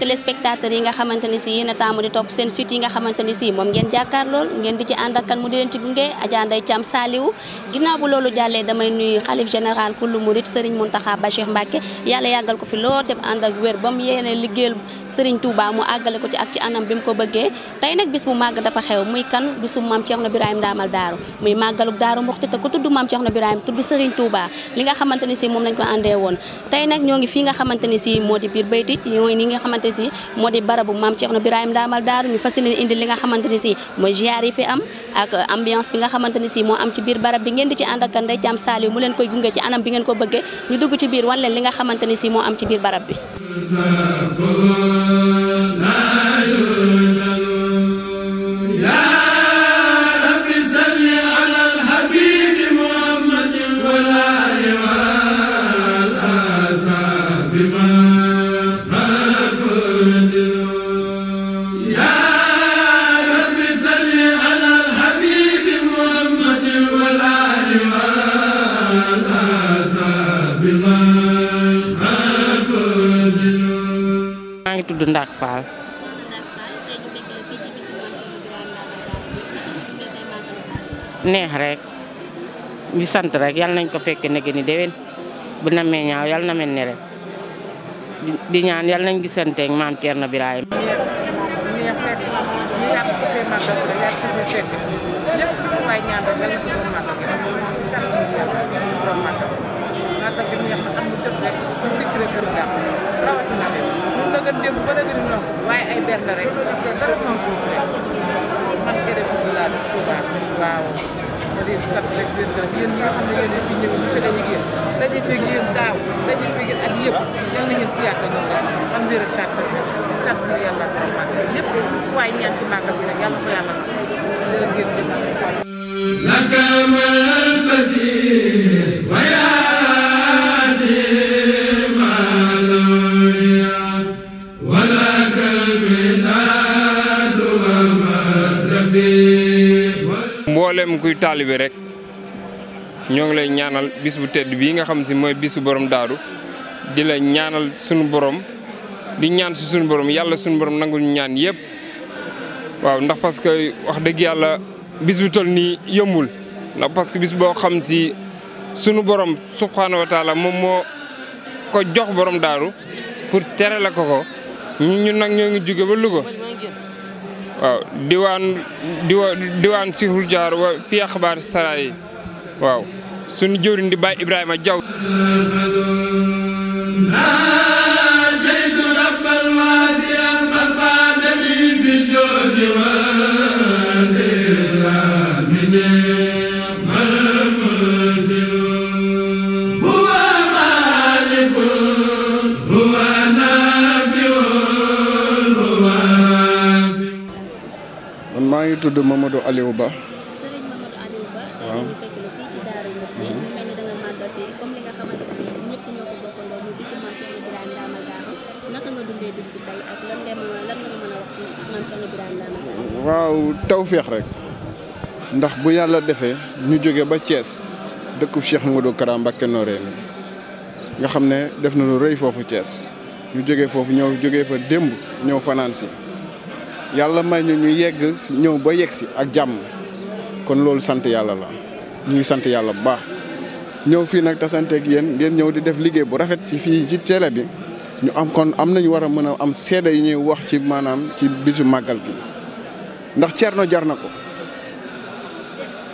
telespectadores. téléspectateurs yi nga xamante si yéen a taamu di topp seen suite nga xamante si moom ba mu yéene liggéeyal Serigne Touba mu àggale ko ci lañ ko àndee woon tey nag ñoo ngi fii nga xamante si moo di biir bayti ñoo ngi ni nga xamante si modi barabu mam maam no ibrahim damal daru ñu fas indi li nga xamanteni ci si mooy fi am ak ambiance bi nga xamanteni ci mo am ci bir barab bi ngeen di ci andak ndey jam Thiam mu leen koy gunge ci anam bi ngeen ko bëggee ñu dugg ci bir wan leen li nga xamanteni ci mo am ci bir barab bi ya maa tudd Ndak Fall. neex rek ñu sant rek yal nañ ko fekk nege ni déwén bu namee ñaaw yal na ne ren di ñaan yal nañ gisanteeg maam Thierno Birahim. waaye màggal gi neex na am mu jot rek ñu dikkee kër gàmm rawatina leen ñun nag a démb ba nag a ñoom waaye ay bernde rek dara moom boobu rek man kere bi si laa di Touba waaw ma di sant rek di leen gërëm yéen ñi nga xam ne yéen fi ñëw ñu fi daje ngeen daje feeg yéen daaw daje feeg yéen ak yëpp yal na ngeen siyaat ak ñoom daal am wér ak tànn sant yàlla ak ñëpp waaye ñaan ci màggal gi rek yàlla ko yàlla na ngeen jëf kuy taalibe rek ñoo ngi lay ñaanal bis bu tedd bii nga xam si mooy bisu borom daaru di la ñaanal sunu boroom di ñaan si sunu borom yàlla sunu borom nangul ñu ñaan yëpp. waaw ndax parce que wax dëgg yàlla bis bu toll nii yombul ndax parce que bis boo xam si sunu borom subxanahu moom moo ko jox borom daaru pour tere la ko ko ñun nag ñoo ngi jóge ba Louga. waaw diwaan diwaan Sihul Jaar wa fii axbaar saraay waaw sunu jëwriñ di Baye Ibrahima jaw ngi tudd Mamadou Ba. Serigne Mamadou Aliou waaw ñu rek. ndax bu yàlla defee ñu jóge ba cees dëkku Cheikh Modou Kara Mbacké Noreyni nga xam ne def na lu rëy foofu Thiès ñu jóge foofu ñëw jógee fa démb ñëw fanaan si. yàlla may ñu ñu yegg ñëw ba yegg si ak jàmm kon loolu sant yàlla la ñuy sant yàlla bu baax ñëw fii nag tasanteeg yéen ngeen ñëw di def liggéey bu rafet ci fii ci télé bi ñu am kon am nañu war a mën a am seede yu ñuy wax ci maanaam ci bisu màggal gi ndax Thierno jar na ko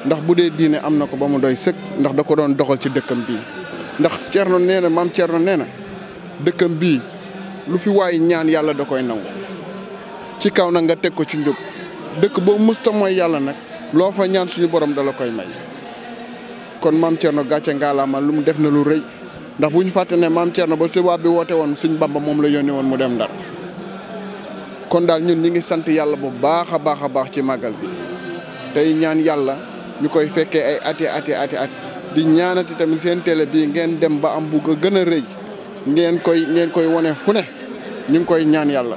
ndax bu dee diine am na ko ba mu doy sëkk ndax da ko doon doxal ci dëkkam bii ndax Thierno nee na maam Thierno nee na dëkkam bii lu fi waay ñaan yàlla da koy nangu ci kaw na nga tek ko ci ndub dekk bo musta moy yalla nak lo fa ñaan suñu borom dala koy may kon maam gatcha ngala ma lu mu def na lu reuy ndax buñu faté né mam maam ba suba bi woté won suñu Bamba mom la yoni won mu dem dar kon dal ñun ñi ngi sant yalla bu baaxa baaxa baax ci magal bi tay ñaan yalla ñukoy fekke ay ati ati ati at di ñaanati tam seen télé bi ngeen dem ba am bu ko gëna reuy ngeen koy ngeen koy woné fu ne ñing koy ñaan yalla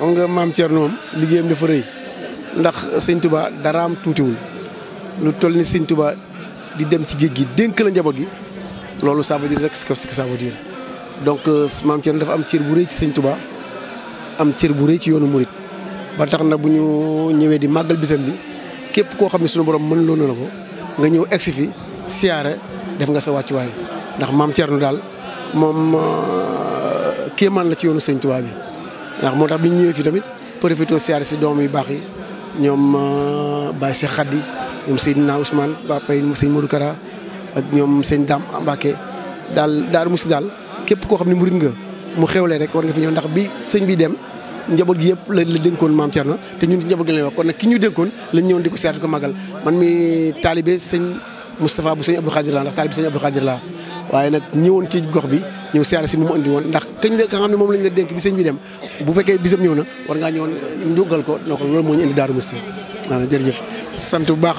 nga maam Thierno moom liggéeyam dafa reuy ndax seigne Touba daraam tuutiwul lu toll ni sëñ Touba di dem ci geeg gi denk la njabot gi loolu ça veut dire rek ce que ça veut dire donc euh, maam Thierno dafa am cër bu reuy ci seigne Touba am cër bu reuy ci yoonu murit ba tax na buñu ñëwé di magal bisam bi képp ko xamni suñu borom mën loona nga ñëw ex fi siaré def nga sa way ndax maam Thierno daal moom euh, man la ci yoonu seigne Touba bi ndax mo tax bi ñëw fi tamit profito siyaar si doom yu baax yi ñom euh, Baye Cheikh xadi ñom sayyidina Ousmane papa yi Sëñ Modou Kara ak ñom sayyid dam ambake dal dar musi dal kep ko xamni ne murid nga mu xewle rek war nga fi ñëw ndax bi señ bi dem njabot gi yep la la mam tierno te ñun ci njaboot gi lay wax kon nak ki ñu dénkoon la ñëwoon di ko ko magal man mi talibé señ mustafa bu señ Abdou Khadir la ndax taalibe señ Abdou Khadir la waye nak ñëwoon ci gox bi ñëw siyaare si nu andi woon ndax këñ la nga xam ne moom lañ la dénk bi sëñ bi dem bu fekkee bisam ñëw na war ngaa ñëwoon njugal ko na ko loolu moo ñu indi Daaru Musti waaw jërëjëf sant bu baax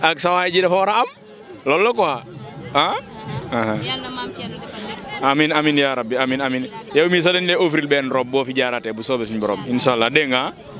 ak sawaay ji dafa war a am loolu la quoi ah. amin amin yaa rabbi amin amin yow mii sax dañ lay offrir benn robe boo fi jaaratee bu soobee suñu borom incha allah dégg nga